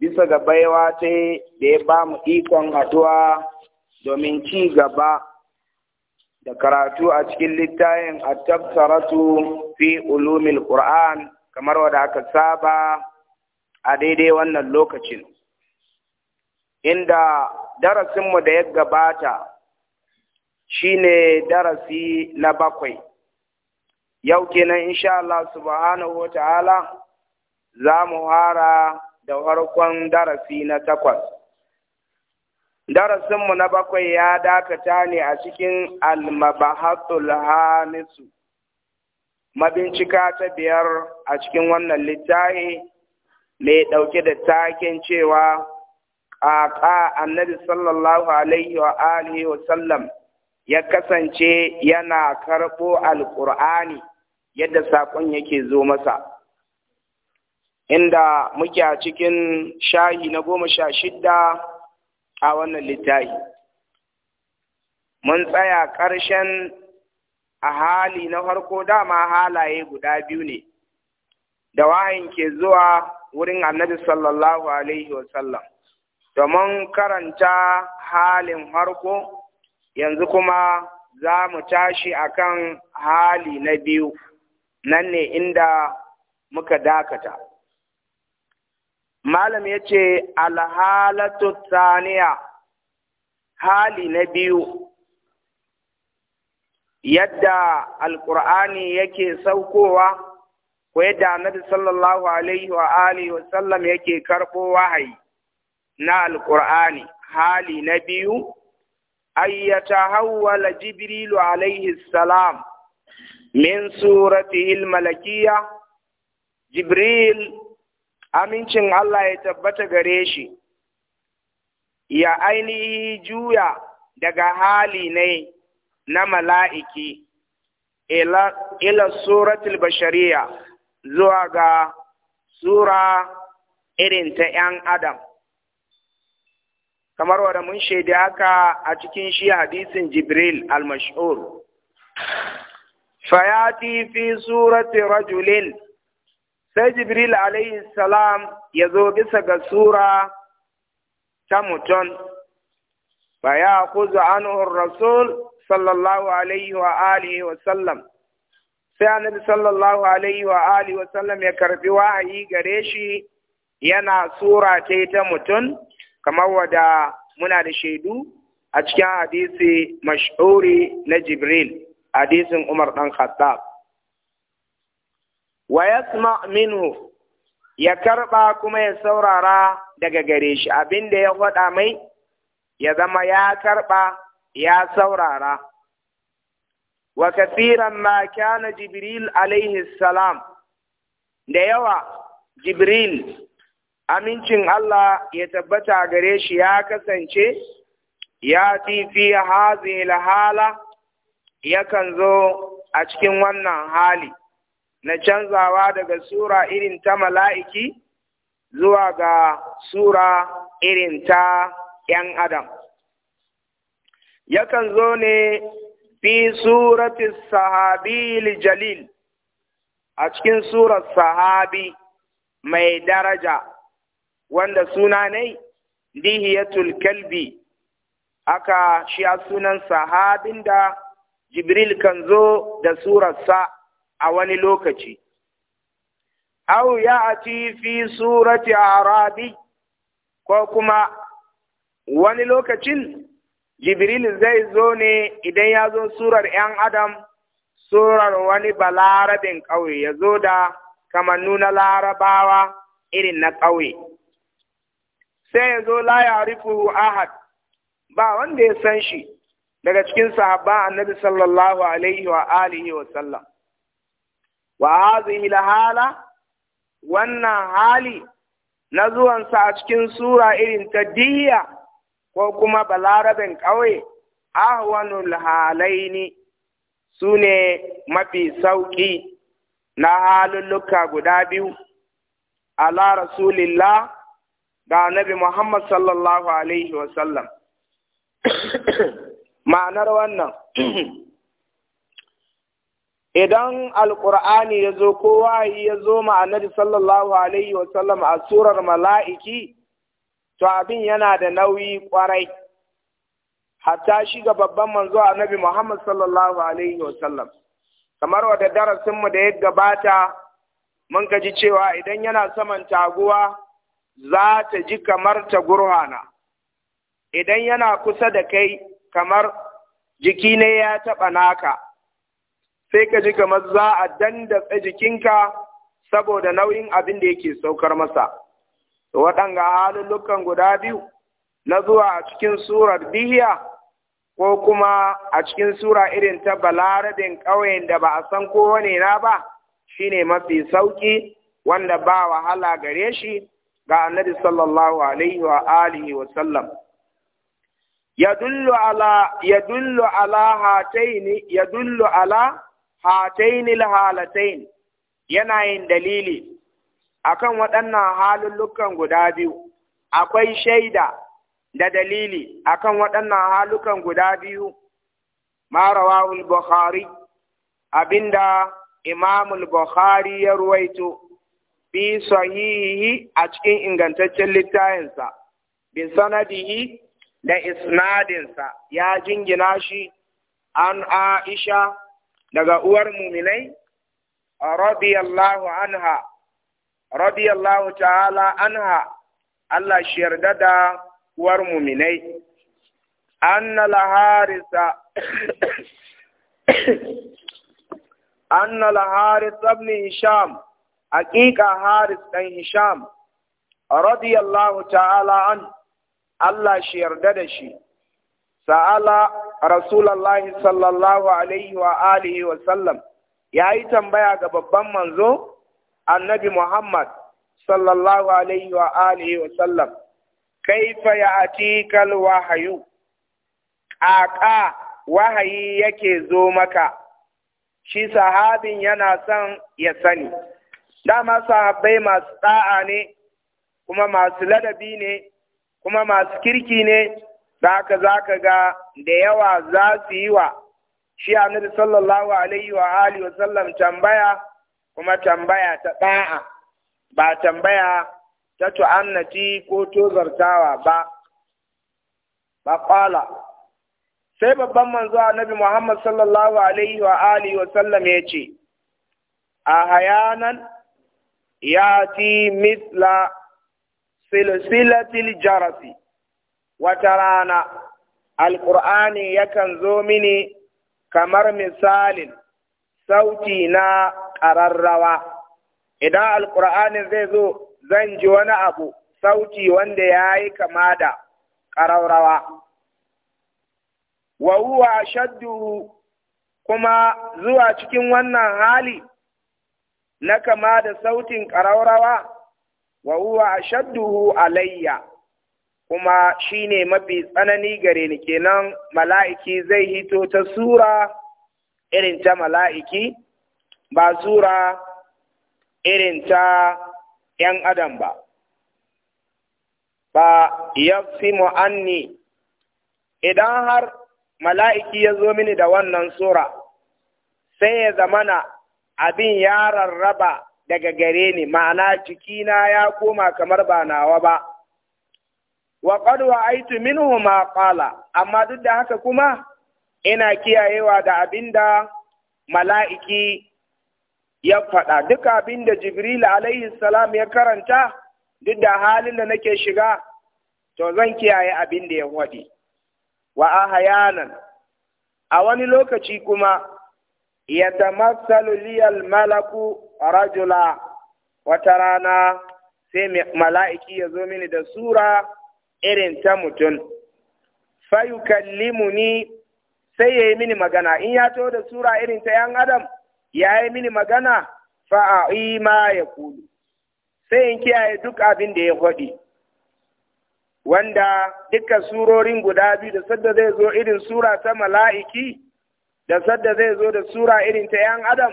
bisa ga baiwa ta da ya ba mu ikon haɗuwa domin ci gaba da karatu a cikin littayin a tabtaratu fi ulumil Qur'an kamar wadda aka saba a daidai wannan lokacin. Inda darasinmu da ya gabata shine darasi na bakwai. Yau kenan insha Allah subhanahu wa ta'ala za mu hara da farkon darasi na takwas. Darasinmu na bakwai ya dakata ne a cikin almabahatul hamisu, mabincika ta biyar a cikin wannan littafi mai ɗauke da takin cewa ƙaƙa annabi sallallahu alaihi wa alihi wa sallam ya kasance yana karɓo alƙur'ani yadda saƙon yake zo masa. inda muke a cikin shahi na goma sha shidda a wannan littafi. Mun tsaya ƙarshen a hali na farko dama halaye guda biyu ne, da wahayin ke zuwa wurin annabi sallallahu Alaihi wasallam. Domin karanta halin farko yanzu kuma za mu tashi akan hali na biyu, nan ne inda muka dakata. malam ya ce alhalatu saniya hali na biyu yadda alkur'ani yake saukowa ko yadda annabi sallallahu alaihi wa alihi wa sallam yake karɓo wahayi na alkur'ani hali na biyu ayyata hawwala jibrilu alaihi salam min suratihi almalakiyya jibril amincin Allah ya tabbata gare shi, ya ainihi juya daga hali ne na mala'iki, ila, suratul bashariya zuwa ga Sura irin ta ‘yan Adam. Kamar wadda mun shaidi haka a cikin shi hadisin Jibril al-Mash'ur. Fayati fi surati rajulin sai jibril alayhi salam ya zo bisa ga sura ta mutum Ba ya kuzu an rasul sallallahu alaihi wa alihi wa sallam sai annabi sallallahu alaihi wa alihi wa sallam ya karbi wahayi gare shi yana sura ta ta mutum kamar wada muna da shaidu a cikin hadisi mashhuri na jibril hadisin umar dan khattab wa yasma minhu ya karba kuma ya saurara daga gare shi abin da ya faɗa mai ya zama ya karba ya saurara wa kasiran ma kana jibril alaihi salam da yawa jibril amincin Allah ya tabbata gare shi ya kasance ya fi hazi hala yakan zo a cikin wannan hali na canzawa daga sura irin ta mala'iki zuwa ga sura irin ta ‘yan adam. Yakan zo ne fi suratis sahabil jalil a cikin surar sahabi mai daraja wanda suna ne dihiyatul kalbi aka shi a sunan sahabin da Jibril kan zo da surarsa a wani lokaci. Au ya a fi surati arabi ko kuma wani lokacin Jibril zai zo ne idan ya zo surar ‘yan Adam, surar wani larabin ƙauye ya zo da kamannu na larabawa irin na ƙauye. Sai ya zo la ya ahad, ba wanda ya san shi daga cikin sahaba annabi sallallahu alaihi wa alihi wa sallam. wa hadhihi hala wannan hali na zuwansa a cikin sura irin ta ko kuma Balaraben ƙauye ahwanul halaini su ne mafi sauƙi na halulluka guda biyu ala rasulillah Da nabi muhammad sallallahu alaihi sallam. ma'anar wannan idan alƙur'ani ya zo ko ya zo ma annabi sallallahu alaihi sallam a surar mala'iki to abin yana da nauyi kwarai hatta shi ga babban manzo annabi Muhammad sallallahu alaihi sallam kamar wadda darasinmu da ya gabata mun gaji cewa idan yana saman taguwa za ta ji kamar ta gurhana idan yana kusa da kai kamar jiki ne ya taɓa naka sai ka ji kamar za a dandatsa jikinka saboda nauyin abin da yake saukar masa waɗanga halullukan guda biyu na zuwa a cikin surar bihiya ko kuma a cikin sura irin ta balarabin ƙauyen da ba a san kowane na ba shine mafi sauƙi wanda ba wahala gare shi ga annabi sallallahu alaihi wa alihi wa sallam yadullu ala yadullu ala hataini yadullu ala hatainil halatain yana yin dalili akan waɗannan halullukan guda biyu akwai shaida da dalili akan waɗannan halukan guda biyu ma rawahul bukhari abinda imamul bukhari ya ruwaito fi sahihi a cikin ingantaccen littayinsa bi sanadihi da isnadinsa ya jingina shi an aisha daga uwar muminai radiyallahu anha radiyallahu ta'ala anha Allah shi yarda da uwar muminai anna laharisa anna laharis ibn hisham haqiqa haris dan hisham radiyallahu ta'ala an Allah shi yarda da shi sa'ala rasulullahi sallallahu alaihi wa alihi wa sallam ya yi tambaya ga babban manzo annabi Muhammad sallallahu alaihi wa alihi wa sallam kaifa ya'tika alwahyu ƙaƙa wahayi yake zo maka shi sahabin yana son ya sani dama sahabbai masu ɗa'a ne kuma masu ladabi ne kuma masu kirki ne da haka za ka ga da yawa za su yi wa shi annabi sallallahu alaihi wa alihi wa sallam tambaya kuma tambaya ta da'a ba tambaya ta tu'annati ko tozartawa ba maƙala sai babban manzo annabi Muhammad sallallahu alaihi wa alihi wa sallam ya ce a hayanan ya ti misla silsilatil jarasi wata rana alƙur'ani yakan zo mini kamar misalin sauti na ƙararrawa idan alƙur'ani zai zo zan ji wani abu sauti wanda ya yi kama da ƙararrawa wa huwa kuma zuwa cikin wannan hali na kama da sautin ƙararrawa wa shadduhu alayya kuma shi ne mafi tsanani gare ni kenan mala'iki zai hito ta sura irin ta mala'iki ba sura irin ta ‘yan adam ba ba ya fi mu'anni idan har mala'iki ya zo mini da wannan sura sai ya zamana abin ya rarraba daga gare ni ma'ana cikina ya koma kamar ba nawa ba wa qad wa'aitu minhu ma qala amma duk da haka kuma ina kiyayewa da abinda mala'iki ya faɗa duk abinda jibril alaihi salam ya karanta duk da halin da nake shiga to zan kiyaye abinda ya wadi wa ahayanan a wani lokaci kuma yatamassalu liyal malaku rajula wata rana sai mala'iki ya zo mini da sura irin ta mutum fayukallimuni sai ya yi mini magana in ya to da sura irin ta yan adam ya yi mini magana fa’a’i ma ya kulu sai in kiyaye duk abin da ya faɗi wanda dukkan surorin guda biyu da sadda zai zo irin sura ta mala'iki da sadda zai zo da sura irin ta yan adam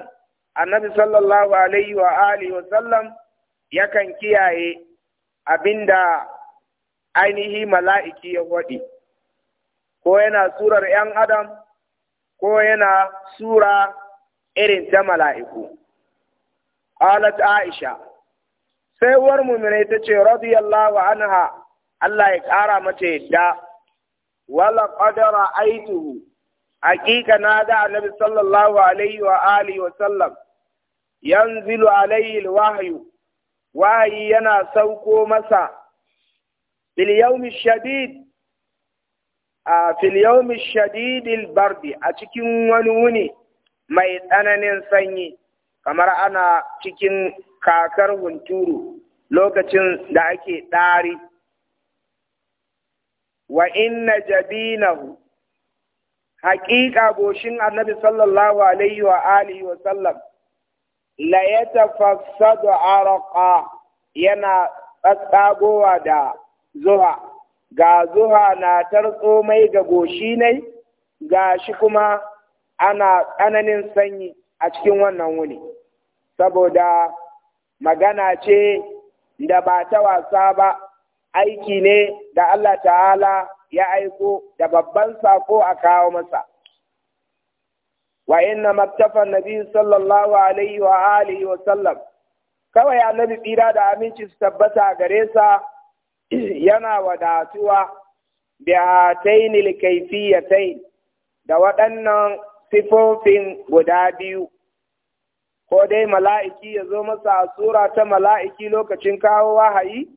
annabi sallallahu alaihi wa alihi wa sallam yakan kiyaye abinda ainihi mala'iki ya waɗi, ko yana surar ‘yan Adam, ko yana sura irin ta mala'iku. Alat Aisha, sai uwar mumina ta ce, radiyallahu anha, Allah ya ƙara mata yadda, wala ƙadara aituhu, hakika na ga annabi sallallahu alaihi wa alihi wa sallam, yanzilu alaihi wahayu, wahayi yana sauko masa. fil yawmi shadid a bardi a cikin wani wuni mai tsananin sanyi kamar ana cikin kakar hunturu lokacin da ake ɗari wa inna jabinahu haƙiƙa goshin annabi sallallahu alaihi wa wa sallam la yatafassadu araqa yana tsatsagowa da zuha ga zuwa na tartso mai ga goshi nai ga shi kuma ana tsananin sanyi a cikin wannan wuni saboda magana ce da ba ta wasa ba aiki ne da Allah ta'ala ya aiko da babban sako a kawo masa wa inna maktafa nabi sallallahu alaihi wa alihi wa sallam kawai annabi tsira da aminci su tabbata gare sa yana wadatuwa bi atainil kayfiyatain da waɗannan sifofin guda biyu ko dai mala'iki ya zo masa a sura ta mala'iki lokacin kawo wahayi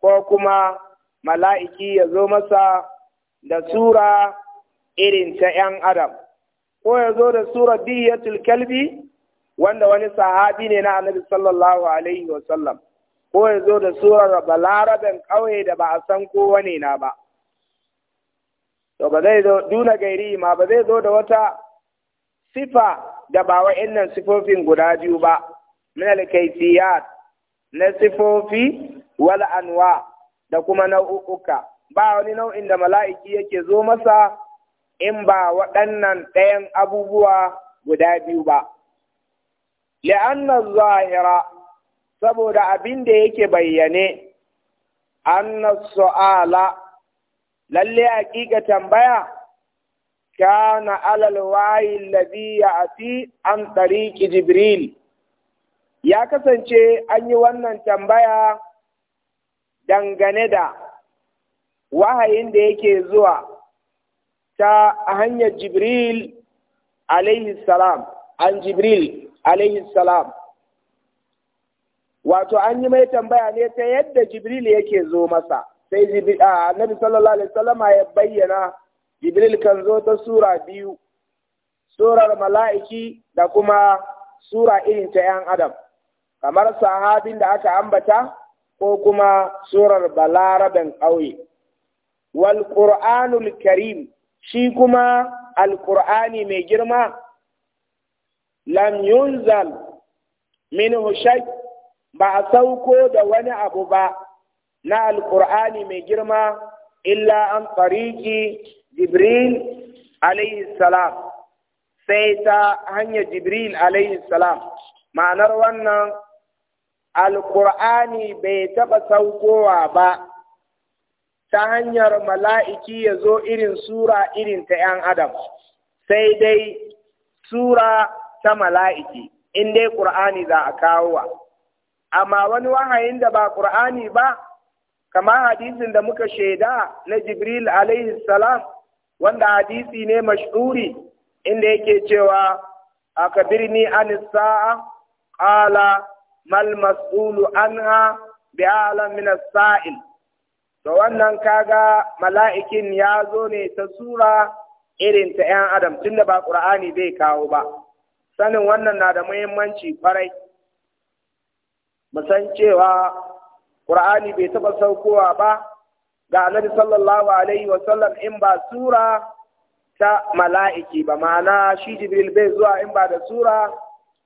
ko kuma mala'iki ya zo masa da sura irin ta ‘yan adam ko ya zo da sura diyatul kalbi wanda wani sahabi ne na annabi sallallahu alaihi wasallam ko ya zo da surar balaraben ƙauye da ba a san ko ne na ba to ba zai zo duna gairi ma ba zai zo da wata sifa da ba wa'annan sifofin guda biyu ba min alkaifiyat na sifofi wal anwa da kuma nau'uka ba wani nau'in da mala'iki yake zo masa in ba waɗannan ɗayan abubuwa guda biyu ba li'anna zahira saboda abin da yake bayyane anna su'ala lalle hakika tambaya kana alal wayi alladhi ya'ti an tariqi jibril ya kasance an yi wannan tambaya dangane da wahayin da yake zuwa ta hanyar jibril alayhi salam an jibril alayhi salam wato an yi mai tambaya ne ta yadda jibril yake zo masa sai annabi sallallahu alaihi wasallama ya bayyana jibril kan zo ta sura biyu surar mala'iki da kuma sura irin ta yan adam kamar sahabin da aka ambata ko kuma surar balaraben ƙauye wal qur'anul karim shi kuma alqur'ani mai girma lam yunzal minhu shay' ba a sauko da wani abu ba na alkur'ani mai girma illa an tsariki jibril alayhi salam sai ta hanyar jibril alayhi salam ma'anar wannan alkur'ani bai taɓa saukowa ba ta hanyar mala'iki ya zo irin sura irin ta ‘yan adam sai dai sura ta mala'iki in dai ƙur'ani za a kawo wa. amma wani wahayin da ba ƙur'ani ba kama hadisin da muka shaida na jibril alaihi salam wanda hadisi ne mash'uri. inda yake cewa "A akabirni an sa'a ƙala mal mas'ulu anha bi alam min sail to wannan kaga mala'ikin ya zo ne ta sura irin ta 'yan adam tunda ba ƙur'ani bai kawo ba sanin wannan na da muhimmanci kwarai mu san cewa Qur'ani bai taɓa saukowa ba ga Annabi sallallahu alaihi wa sallam in ba sura ta mala'iki ba ma'ana shi Jibril bai zuwa in ba da sura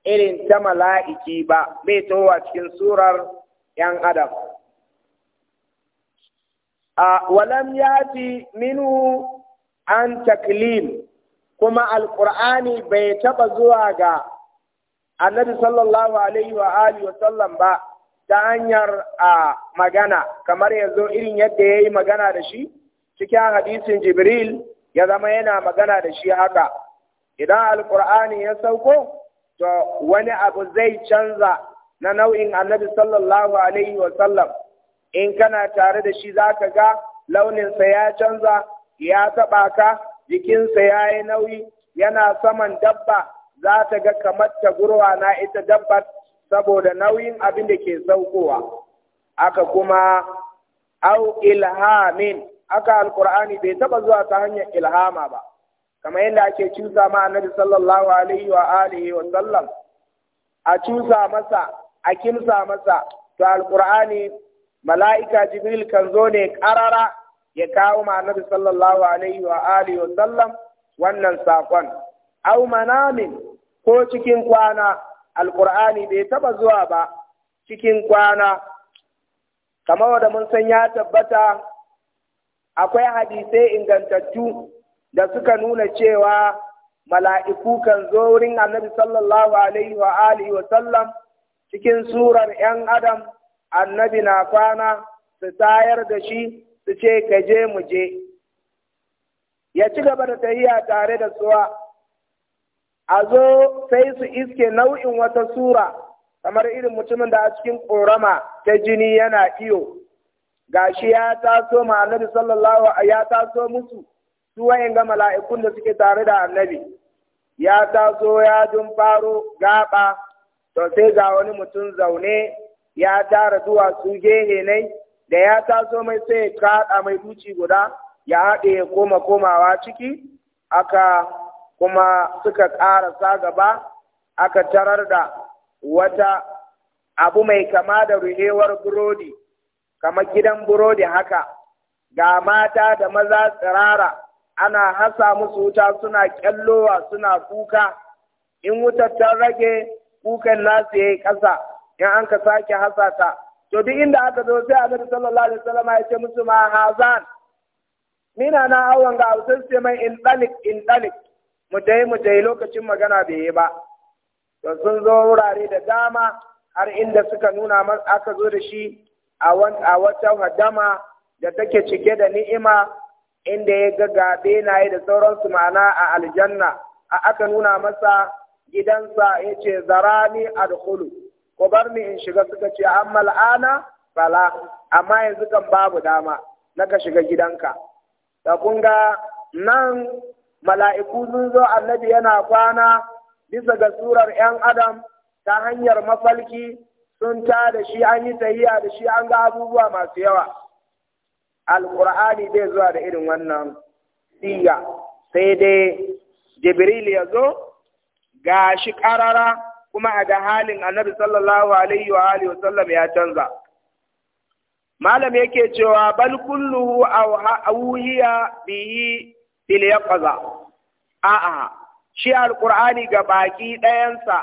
irin ta mala'iki ba bai tawowa cikin surar ‘yan adam. A walam ya fi minu an taklim kuma Alƙur'ani bai taɓa zuwa ga annabi sallallahu alaihi wa alihi wa sallam ba ta hanyar a magana kamar yanzu irin yadda yayi magana da shi cikin hadisin jibril ya zama yana magana da shi haka idan alkur'ani ya sauko to wani abu zai canza na nau'in annabi sallallahu alaihi wa sallam in kana tare da shi zaka ga launinsa ya canza ya taɓa ka jikinsa ya yi nauyi yana saman dabba za ta ga kamar ta gurwa na ita dabbar saboda nauyin abin da ke saukowa aka kuma au ilhamin aka alkur'ani bai taba zuwa ta hanyar ilhama ba kamar yadda ake cusa ma annabi sallallahu alaihi wa alihi wa sallam a cusa masa a kimsa masa to alkur'ani mala'ika jibril kan zo ne karara ya kawo ma annabi sallallahu alaihi wa alihi wa sallam wannan sakon au manamin ko cikin kwana alqur'ani bai taba zuwa ba cikin kwana kamar wanda mun san ya tabbata akwai hadisai ingantattu da suka nuna cewa mala'iku kan zo wurin annabi sallallahu alaihi wa alihi wa sallam cikin surar ‘yan adam annabi na kwana su tayar da shi su ce ka je mu je ya ci gaba da tahiya tare da suwa a zo sai su iske nau'in wata sura kamar irin mutumin da a cikin ƙorama ta jini yana iyo gashi ya taso ma annabi sallallahu ya taso musu su wayan ga mala'ikun da suke tare da annabi ya taso ya dun faro gaba to sai ga wani mutum zaune ya tara su gehe ne da ya taso mai sai ya kaɗa mai duci guda ya haɗe ya koma komawa ciki aka kuma suka ƙara sa gaba aka tarar da wata abu mai kama da ruhewar burodi kama gidan burodi haka ga mata da maza tsirara ana hasa musu wuta suna kyallowa suna kuka in wutar ta rage kukan nasu yi ƙasa in an ka sake hasa ta to duk inda aka zo sai annabi sallallahu alaihi wasallam ya ce musu ma hazan mina na awon ga sai mai in dalik in dalik mutai mutai lokacin magana bai yi ba to sun zo wurare da dama har inda suka nuna aka zo da shi a wata hadama da take cike da ni'ima inda ya ga gabe na yi da sauransu ma'ana a aljanna a aka nuna masa gidansa ya ce zarani adkhulu ko bar ni in shiga suka ce amma la'ana fala amma yanzu kan babu dama na ka shiga gidanka da kun nan mala'iku sun zo annabi yana kwana bisa ga surar ‘yan adam ta hanyar mafalki sun ta da shi an yi tahiya da shi an ga abubuwa masu yawa. Alƙur'ani bai zuwa da irin wannan siya sai dai Jibril ya zo ga shi ƙarara kuma a ga halin annabi sallallahu alaihi wa alihi wasallam ya canza. Malam yake cewa bal kulluhu wuhiya bihi bil yaqza a'a shi alqur'ani ga baki ɗayansa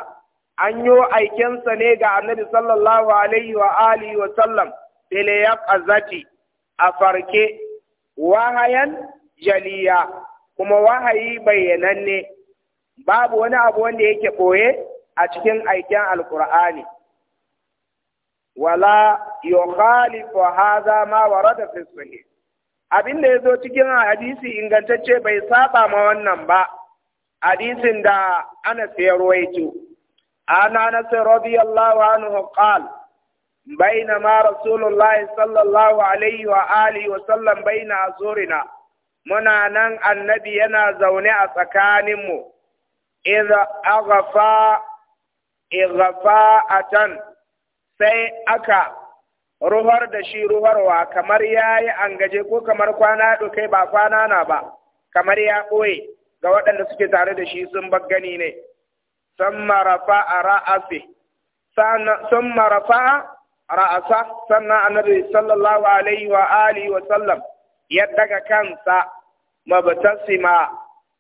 an yo aikensa ne ga annabi sallallahu alaihi wa alihi wa sallam bil yaqzati a farke wahayan jaliya kuma wahayi bayyananne babu wani abu wanda yake ɓoye a cikin aikin alkur'ani wala yukhalifu hadha ma warada fi sahih abin da ya zo cikin hadisi ingantacce bai saba ma wannan ba hadisin da ana ya ruwaito an anas radiyallahu anhu qala بينما رسول الله صلى الله عليه وآله وسلم بين أزورنا منا نن النبي ينا زوني أسكانم إذا أغفى إغفاءة sai aka ruhar da shi ruharwa kamar ya yi angaje ko kamar kwana ɗaukai ba kwana na ba kamar ya ɓoye ga waɗanda suke tare da shi sun gani ne sun marafa a ra'asa sannan annabi sallallahu alaihi wa alihi wa sallam ya daga kansa mabtasima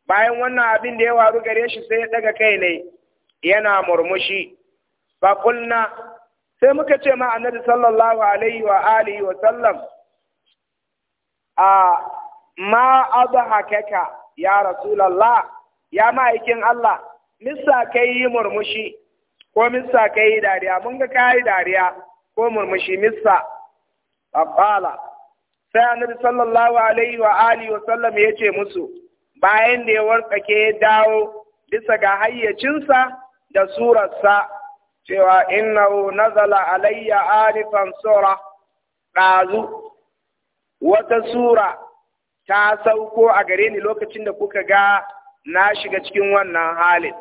bayan wannan abin da ya waru gare shi sai ya daga kai ne yana murmushi fa sai muka ce ma annabi sallallahu alaihi wa alihi wa sallam a ma adhakaka ya rasulullah ya ma'aikin Allah missa kai yi murmushi ko missa kai yi dariya mun ga kai dariya ko murmushi missa aqala sai annabi sallallahu alaihi wa alihi wa sallam ya ce musu bayan da ya warkake ya dawo bisa ga hayyacinsa da surarsa cewa innahu nazala alayya alifan sura ɗazu wata sura ta sauko a gare ni lokacin da kuka ga na shiga cikin wannan halin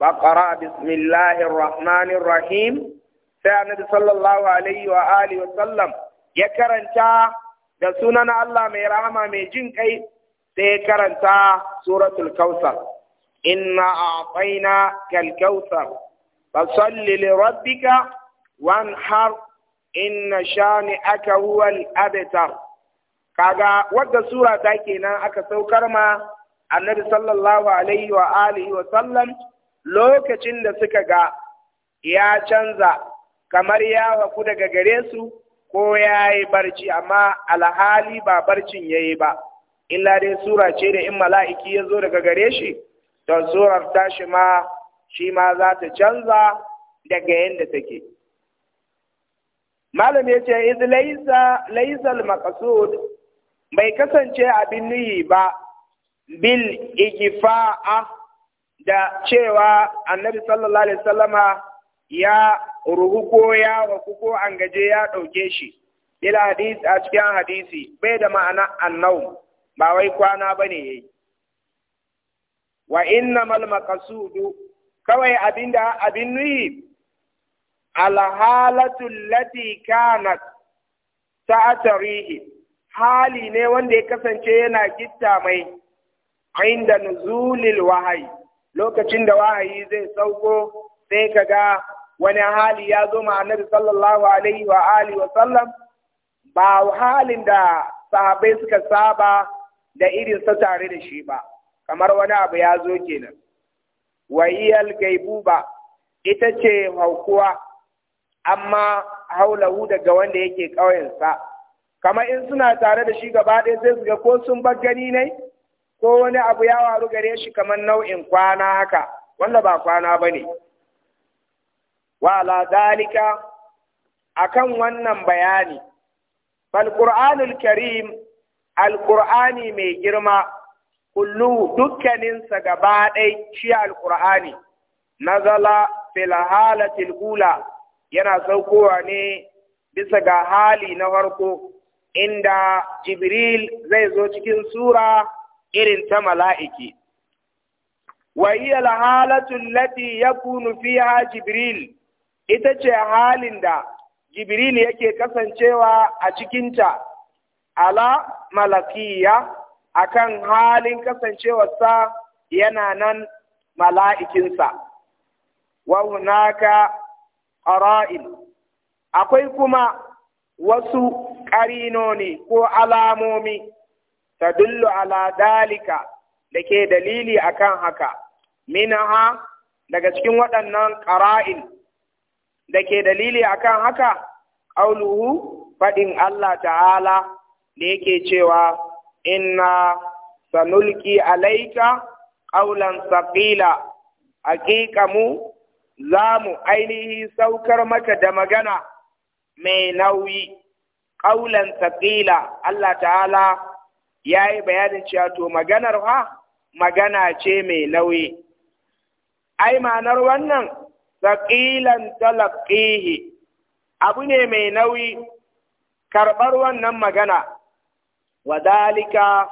baqara bismillahir rahmanir rahim sai annabi sallallahu alaihi wa alihi wa sallam ya karanta da sunan Allah mai rahama mai jin kai sai ya karanta suratul kautsar inna a'tayna kal kautsar fasalli li rabbika wanhar inna shani'aka huwal abtar kaga wadda surata kenan aka saukar ma annabi sallallahu alaihi wa alihi wa sallam lokacin da suka ga ya canza kamar ya waku daga gare su ko ya yi barci amma alhali ba barcin ya yi ba illa dai sura ce da in mala'iki ya zo daga gare shi don surar tashi ma shi ma za ta canza daga yadda take malam ya ce iz laisa laisal bai kasance abin nuyi ba bil igifa'a da cewa annabi sallallahu alaihi wasallama ya ruhu ko ya waku ko an gaje ya ɗauke shi bil hadisi a cikin hadisi bai da ma'ana annau ba wai kwana ba ne ya yi. wa innamal maqsudu kawai abin da abin nuhi alhalatul lati kanat ta'tarihi hali ne wanda ya kasance yana gitta mai inda nuzulil wahayi lokacin da wahayi zai sauko sai kaga wani hali ya zo ma annabi sallallahu alaihi wa ali wa sallam ba halin da sahabbai suka saba da irin sa tare da shi ba kamar wani abu ya zo kenan wa'iyal gaibuba ita ce haukuwa amma haulahu daga wanda yake ƙauyensa kamar in suna tare da shi gaba ɗaya zai su ga ko sun bar gani ne ko wani abu ya waru gare shi kamar nau'in kwana haka wanda ba kwana ba ne wala dalika akan wannan bayani fal qur'anul karim al mai girma kullu dukkaninsa gaba ɗai shi alƙur'ani nazala fil ula yana saukowa ne bisa ga hali na farko inda jibril zai zo cikin sura irin ta mala'iki wa hiya halatul lati yakunu fiha jibril ita ce halin da jibril yake kasancewa a cikinta ala malakiya akan halin kasancewarsa yana nan mala'ikinsa, wa hunaka ƙara'in, akwai kuma wasu ƙarinoni ko alamomi ta dullu ala dalika da ke dalili akan haka, minaha daga cikin waɗannan ƙara'in da ke dalili akan haka, ƙauluhu faɗin Allah ta'ala ne yake cewa inna sanulki alaika qawlan saqila hakika mu zamu ainihi saukar maka da magana mai nauyi ƙaulan taƙila Allah ta'ala yayi yi bayanin cewa to maganar ha magana ce mai nauyi ai ma'anar wannan taƙilan talaƙihi abu ne mai nauyi karɓar wannan magana wadalika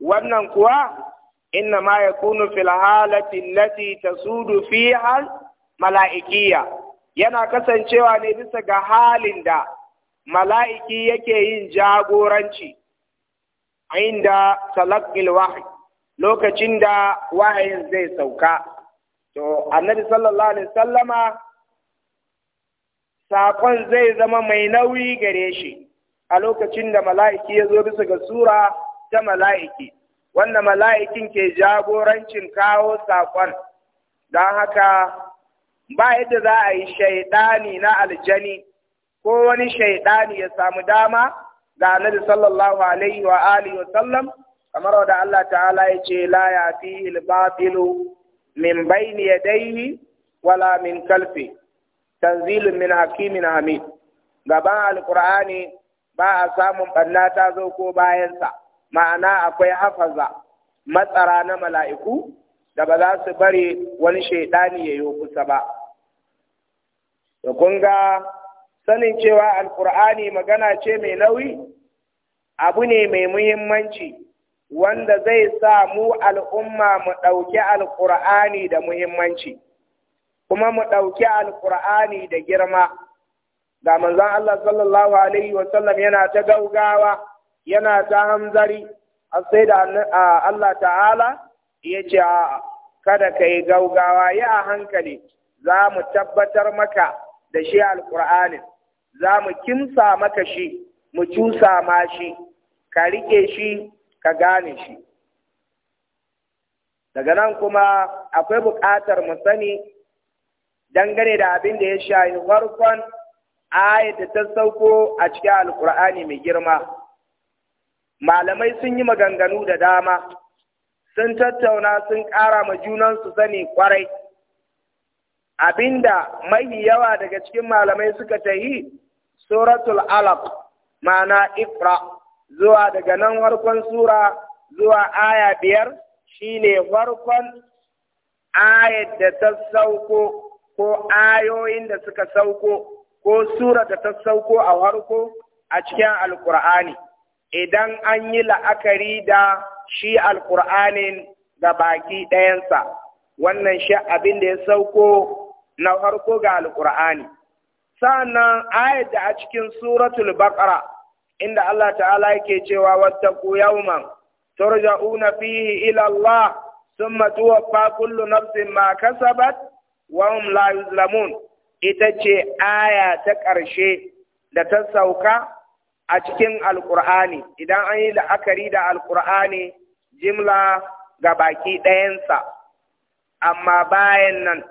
wannan kuwa inna ma yakunu fil halati lati tasudu fiha mala'ikiya yana kasancewa ne bisa ga halin da mala'iki yake yin jagoranci inda talaqqil wahyi lokacin da wahayin zai sauka to annabi sallallahu alaihi sallama saƙon zai zama mai nauyi gare shi a lokacin da mala'iki ya zo bisa ga sura ta mala'iki wanda mala'ikin ke jagorancin kawo saƙon don haka ba yadda za a yi shaiɗani na aljani ko wani shaiɗani ya samu dama ga annabi sallallahu alaihi wa alihi wa sallam kamar wadda Allah ta'ala ya ce la ya fi ilbatilu min ya yadayhi wala min kalfi tanzilun min hakimin hamid gaban alqur'ani ba a samun ɓanna ta zo ko bayansa ma'ana akwai hafaza matsara na mala'iku da ba za su bari wani shaidani ya yi kusa ba da kun ga sanin cewa alkur'ani magana ce mai nauyi abu ne mai muhimmanci wanda zai sa mu al'umma mu ɗauki alkur'ani da muhimmanci kuma mu ɗauki alkur'ani da girma ga manzon Allah sallallahu alaihi wa yana ta gaugawa yana ta hanzari sai da Allah ta'ala ya ce a kada ka yi gaugawa yi a hankali za mu tabbatar maka da shi alƙur'anin za mu kimsa maka shi mu cusa ma shi ka rike shi ka gane shi daga nan kuma akwai buƙatar mu sani dangane da abin da ya shayi farkon ayat da ta sauko a cikin Alƙur'ani mai girma malamai sun yi maganganu da dama sun tattauna sun ƙara ma junansu sani kwarai abinda mai yawa daga cikin malamai suka ta yi suratul alaq ma'ana ikra zuwa daga nan farkon sura zuwa aya biyar shine farkon ayat da ta sauko ko ayoyin da suka sauko ko sura da ta sauko a harko a cikin alkur'ani idan an yi la'akari da shi alkur'anin ga baki ɗayansa wannan shi abin da ya sauko na harko ga alkur'ani sannan ayat da a cikin suratul baqara inda Allah ta'ala yake cewa wattaqu yawman turja'una fihi ila Allah thumma fa kullu nafsin ma kasabat wa hum ita ce aya ta ƙarshe da ta sauka a cikin alƙur'ani idan an yi la'akari da alƙur'ani jimla ga baki ɗayansa amma bayan nan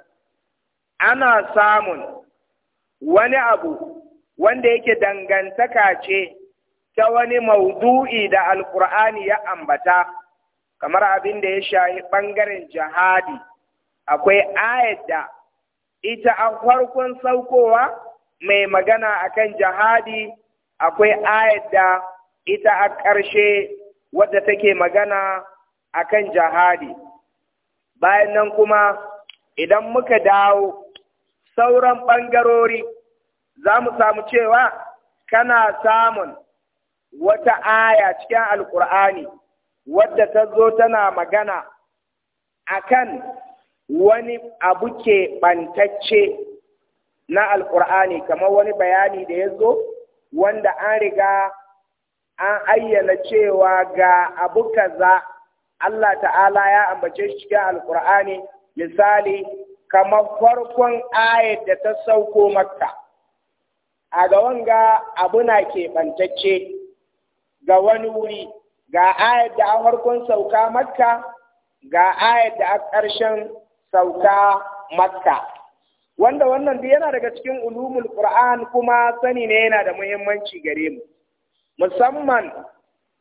ana samun wani abu wanda yake dangantaka ce ta wani maudu'i da alƙur'ani ya ambata kamar abin da ya shayi ɓangaren jihadi akwai ayat da ita a farkon saukowa mai magana akan jihadi akwai ayat da ita a ƙarshe wadda take magana akan jihadi bayan nan kuma idan muka dawo sauran ɓangarori za mu samu cewa kana samun wata aya cikin Alƙur'ani wadda ta zo tana magana akan wani abu ke ɓantacce na alƙur'ani kamar wani bayani da ya zo wanda an riga an ayyana cewa ga abu kaza Allah ta'ala ya ambace shi cikin alƙur'ani misali kamar farkon ayat da ta sauko makka a ga wanga abu na keɓantacce ga wani wuri ga ayat da a farkon sauka makka ga ayat da a ƙarshen sauka makka wanda wannan duk yana daga cikin ulumul qur'an kuma sani ne yana da muhimmanci gare mu musamman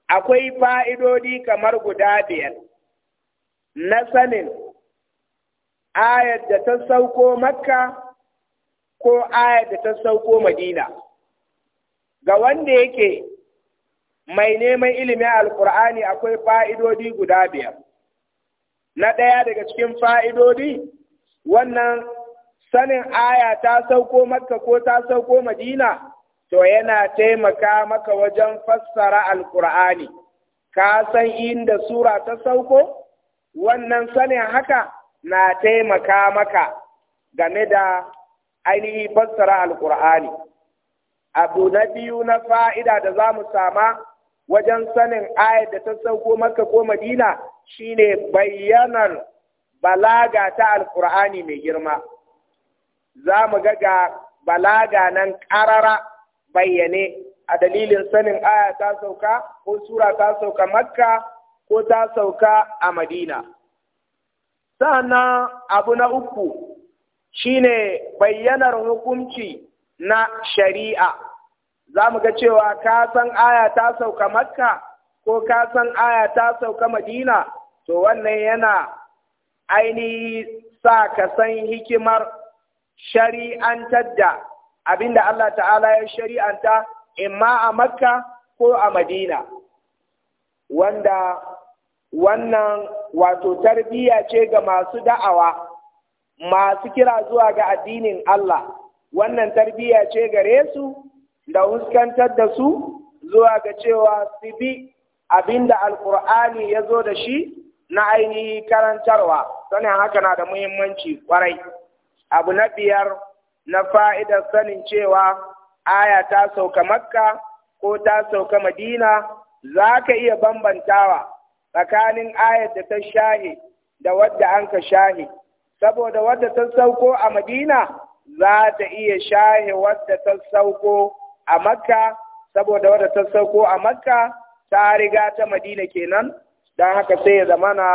akwai fa'idodi kamar guda biyar na sanin ayat da ta sauko makka ko ayat da ta sauko madina ga wanda yake mai neman ilimin alkur'ani akwai fa'idodi guda biyar na ɗaya daga cikin fa'idodi wannan sanin aya ta sauko maka ko ta sauko madina to yana taimaka maka wajen fassara alkur'ani ka san inda sura ta sauko wannan sanin haka na taimaka maka game da ainihi fassara alkur'ani abu na biyu na fa'ida da za mu sama wajen sanin ayat da ta sauko maka ko madina shine bayyanar balaga ta alkur'ani mai girma za mu ga ga balaga nan ƙarara bayyane a dalilin sanin aya ta sauka ko sura ta sauka makka ko ta sauka a madina sannan abu na uku shine bayyanar hukunci na shari'a za mu ga cewa ka san aya ta sauka makka ko ka san aya ta sauka madina to wannan yana ainihi sa ka san hikimar shari'antar da abinda Allah ta'ala ya shari'anta imma a makka ko a madina wanda wannan wato tarbiyya ce ga masu da'awa masu kira zuwa ga addinin Allah wannan tarbiyya ce gare su da huskantar da su zuwa ga cewa su bi abin da alkur'ani ya zo da shi na ainihi karantarwa sanin haka na da muhimmanci kwarai abu na biyar na fa'idar sanin cewa aya ta sauka makka ko ta sauka madina za ka iya bambantawa tsakanin ayar da ta shahi da wadda an ka shahi saboda wadda ta sauko a madina za ta iya shahi wadda ta sauko a makka saboda wadda ta sauko a makka ta riga ta madina kenan don haka sai ya zamana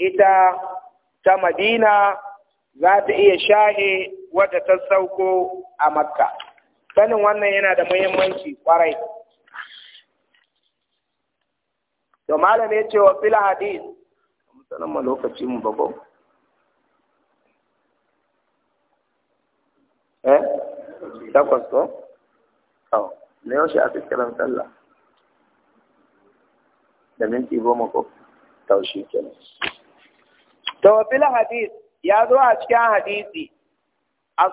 ita ta madina za ta iya shahe wadda ta sauko a makka sanin wannan yana da muhimmanci kwarai to malam ya ce wa fil hadis sanin ma lokaci mu babo eh takwas ko kawo na shi a kiran sallah da minti goma ko taushe kenan tawafil hadis ya zo a cikin hadisi a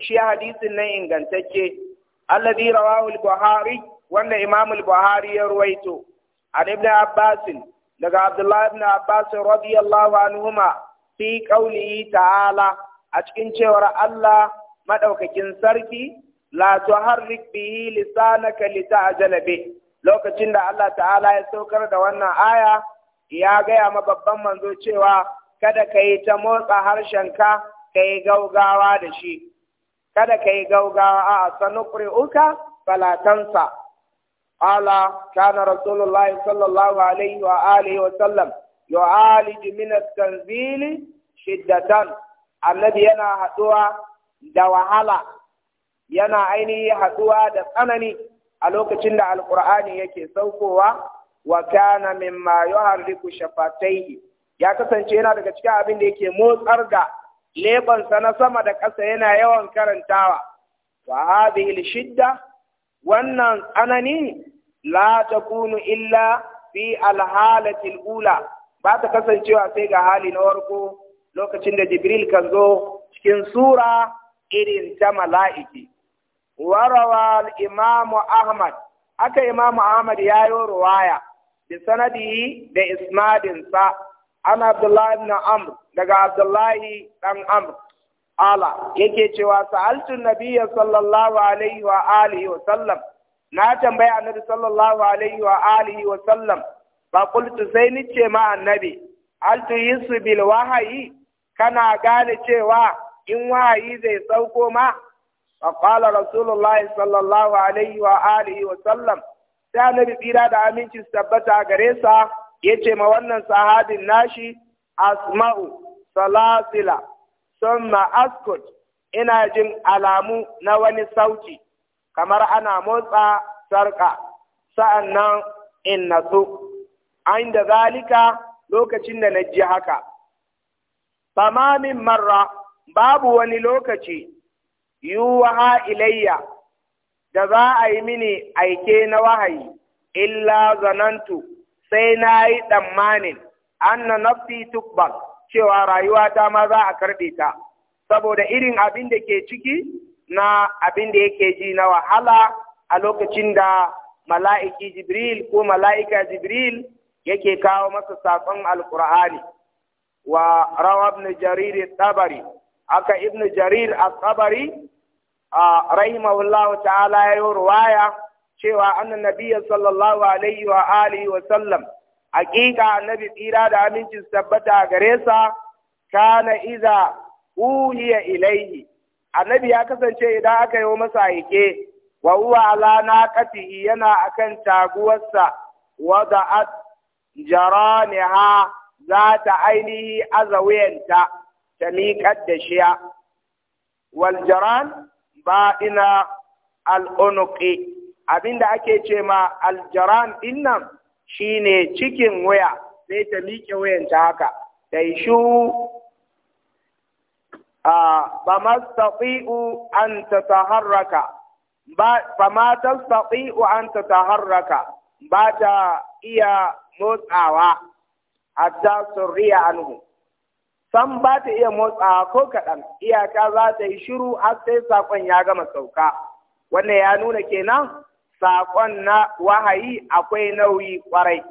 shi hadisin nan ingantacce alladhi rawahu al-buhari wanda imam al-buhari ya ruwaito an ibn abbas daga abdullah ibn abbas radiyallahu anhuma fi qawlihi ta'ala a cikin cewar Allah madaukakin sarki la tuharrik bihi lisanaka lita'jala bi lokacin da Allah ta'ala ya saukar da wannan aya ya gaya ma babban manzo cewa kada ka yi ta motsa harshenka ka yi gaugawa da shi kada ka yi gaugawa a sanukuri uka falatansa ala kana rasulullahi sallallahu alaihi wa alihi wa sallam yu'alij min at-tanzili shiddatan annabi yana haduwa da wahala yana ainihi haɗuwa da tsanani a lokacin da alƙur'ani yake saukowa wa kana mimma yuharriku shafataihi ya kasance yana daga cikin abin da yake motsar da lebansa na sama da ƙasa yana yawan karantawa wa hadhihi shidda wannan tsanani la takunu illa fi alhalati alula ba ta kasancewa sai ga hali na warko lokacin da jibril kan zo cikin sura irin ta mala'iki Warawal imamu ahmad aka imamu ahmad ya yi ruwaya da sanadi da isnadinsa an abdullahi ibn amr daga abdullahi dan amr ala yake cewa sa'altu nabiyya sallallahu alaihi wa alihi wa sallam na tambayi annabi sallallahu alaihi wa alihi wa sallam fa qultu sai ni ce ma annabi altu yusu bil wahayi kana gane cewa in wahayi zai sauko ma فقال رسول الله صلى الله عليه وآله وسلم sai annabi tsira da aminci su tabbata gare sa ma wannan sahabin nashi asma'u salasila sunna askut ina jin alamu na wani sauti kamar ana motsa sarka sa'annan in natsu an zalika lokacin da na ji haka fama marra babu wani lokaci yuwaha ilayya da za a yi mini aike na wahayi illa zanantu sai na yi tsammanin na nafi tukbal cewa rayuwata ma za a karɓe ta saboda irin abin da ke ciki na abin da yake ji na wahala a lokacin da mala'iki jibril ko mala'ika jibril yake kawo masa saƙon alƙur'ani wa rawa ibn jarir tabari aka ibn jarir a tabari rahimahullahu ta'ala ya yi cewa annan nabiyya sallallahu tsira da amincin tabbata gare kana iza uhiya ilaihi annabi ya kasance idan aka yi masa aike wa huwa yana akan taguwarsa wada'at jaraniha za ta ainihi da shiya wal baɗina al'unuki abinda ake ce ma aljaran dinnan shine cikin waya sai ta miƙe wayanta haka ta yi shu ba ma an ta taharraka ba ma an ta taharraka ba ta iya motsawa hatta surriya anhu san ba ta iya motsa ko kaɗan iyaka za ta yi shiru har sai saƙon ya gama sauka wannan ya nuna kenan saƙon na wahayi akwai nauyi ƙwarai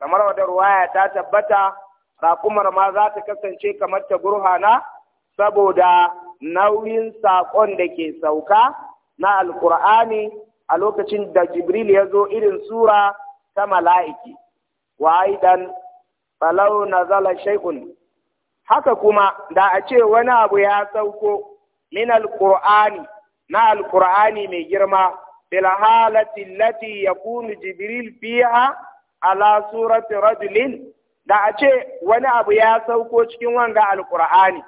kamar wadda ruwaya ta tabbata raƙumar ma za ta kasance kamar ta gurhana saboda nauyin saƙon da ke sauka na alƙur'ani a lokacin da jibril ya zo irin sura ta mala'iki waidan falau na zala shaikun haka kuma da a ce wani abu ya sauko min Alkur'ani na Alkur'ani mai girma bil halati lati yakunu jibril fiha ala surati rajulin da a ce wani abu ya sauko cikin wanga Alkur'ani,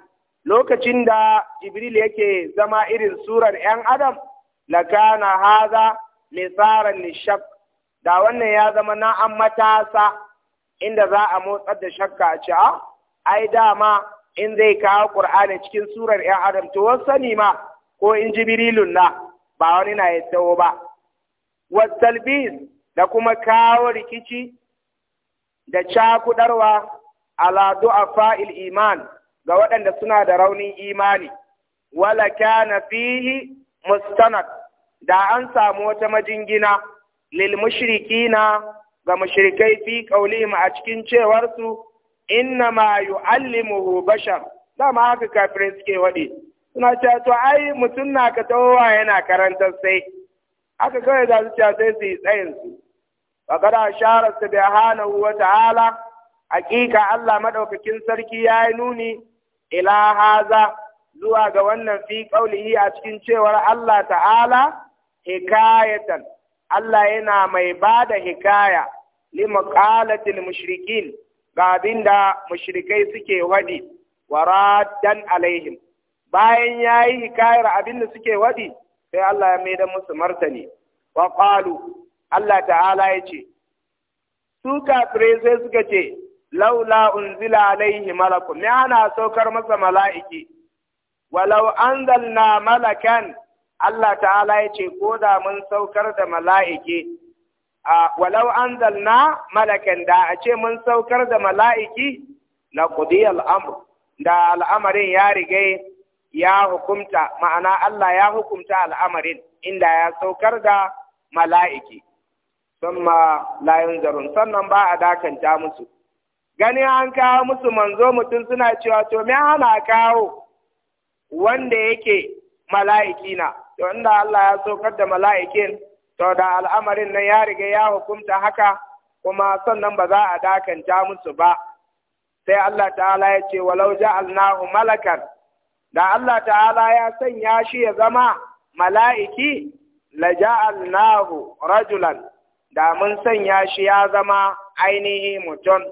lokacin da jibril yake zama irin surar yan adam kana haza misaran lishak da wannan ya zama na'an matasa inda za a motsar da shakka a ce ah ai dama in zai kawo Qur'ani cikin surar ‘yan Adam, to wasu sani ma ko in birilun na ba wani na tsawo ba. Wasalbis da kuma kawo rikici da cakudarwa ala fa'il iman ga waɗanda suna da raunin imani, wala kana fihi mustanad da an samu wata majingina lil ga mushrikai fi qaulihim a cikin cewarsu inna ma yu'allimuhu bashar dama haka kafirai suke waɗe suna cewa to ai mutum na ka tawowa yana karantar sai haka kawai za su cewa sai su yi tsayin su faqad ashara hana wa ta'ala hakika Allah madaukakin sarki ya yi nuni ila haza zuwa ga wannan fi qaulihi a cikin cewar Allah ta'ala hikayatan Allah yana mai ba da hikaya li maqalatil mushrikin ga abin da mushrikai suke wadi wa raddan alaihim bayan yayi hikayar abin da suke wadi sai Allah ya maida musu martani wa qalu Allah ta'ala ya ce su kafirai sai suka ce laula unzila alaihi malaku me ana saukar masa mala'iki walau anzalna malakan Allah ta'ala ya ce ko da mun saukar da mala'iki a walau zalna malakin da a ce mun saukar da mala'iki na qudiya al'amur. da al'amarin ya riga ya hukumta ma'ana Allah ya hukumta al'amarin inda ya saukar da mala'iki ma layin zarun sannan ba a dakanta musu gani an kawo musu manzo mutum suna cewa to me hana kawo wanda yake mala'iki na to inda Allah ya saukar da mala'ikin to da al'amarin nan ya riga ya hukunta haka kuma sannan ba za a dakanta musu ba sai Allah ta'ala ya ce walau ja'alnahu malakan da Allah ta'ala ya sanya shi ya zama mala'iki la ja'alnahu rajulan da mun sanya shi ya zama ainihi mutum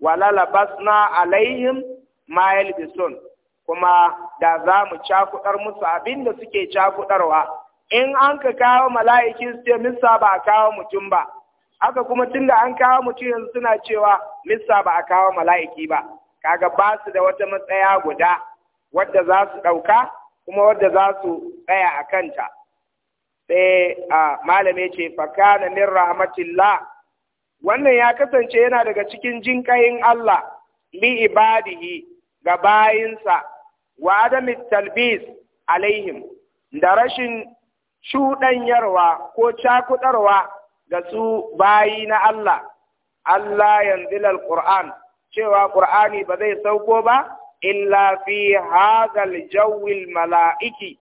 wala basna alaihim ma yalbisun kuma da za mu cakudar musu abin da suke cakudarwa in an ka kawo mala'iki su ce missa ba a kawo mutum ba haka kuma tunda an kawo mutum yanzu suna cewa missa ba a kawo mala'iki ba kaga ba su da wata matsaya guda wadda za su ɗauka kuma wadda za su tsaya a kanta sai a malame ce fakana min rahmatillah wannan ya kasance yana daga cikin jinƙayin Allah li ibadihi ga bayinsa wa adamit talbis alaihim da rashin cuɗanyarwa ko cakuɗarwa ga su bayi na Allah, Allah yanzu Qur'an cewa ƙur'ani ba zai sauko ba, illa fi hazal jawil mala'iki,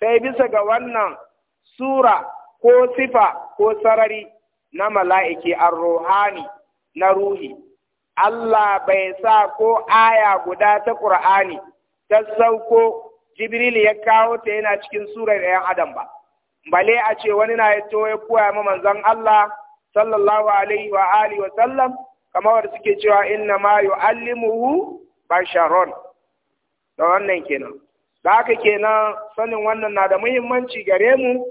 sai bisa ga wannan sura ko sifa ko sarari na mala'iki an ruhani na ruhi. Allah bai sa ko aya guda ta ƙur'ani ta sauko Jibril ya kawo ta yana cikin surar ‘yan Adam ba. bale a ce wani na ya ya koya ma manzon Allah sallallahu alaihi wa alihi wa sallam kamar da suke cewa inna ma yu'allimuhu Sharon da wannan kenan da haka kenan sanin wannan na da muhimmanci gare mu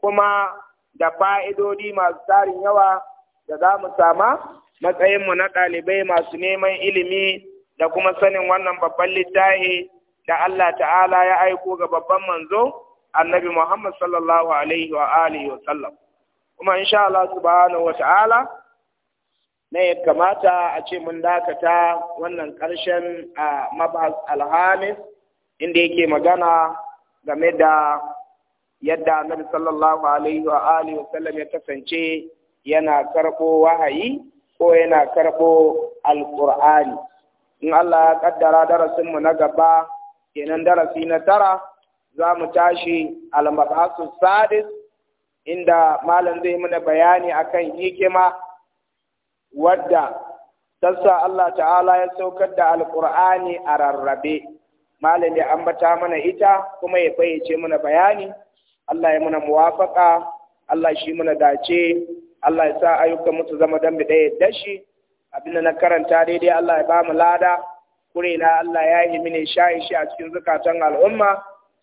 kuma da fa'idodi masu tarin yawa da za mu sama matsayinmu na ɗalibai masu neman ilimi da kuma sanin wannan babban littafi da Allah ta'ala ya aiko ga babban manzo annabi Muhammad sallallahu alaihi wa alihi wa sallam kuma insha Allah subhanahu ta'ala ne ya kamata a ce mun dakata wannan karshen a alhamis inda yake magana game da yadda annabi sallallahu alaihi wa alihi wa sallam ya kasance yana karbo wahayi ko yana karbo alqur'ani in Allah ya kaddara darasin mu na gaba kenan darasi na tara za mu tashi almabasu sadis inda malam zai mana bayani akan hikima wadda tassa Allah ta'ala ya saukar da alkur'ani a rarrabe malam ya ambata mana ita kuma ya fayyace mana bayani Allah ya mana muwafaka Allah shi muna dace Allah ya sa ayyukan mutu zama dambe ɗaya da shi abinda na karanta daidai Allah ya ba mu lada kure na Allah ya yi mini sha'i shi a cikin zukatan al'umma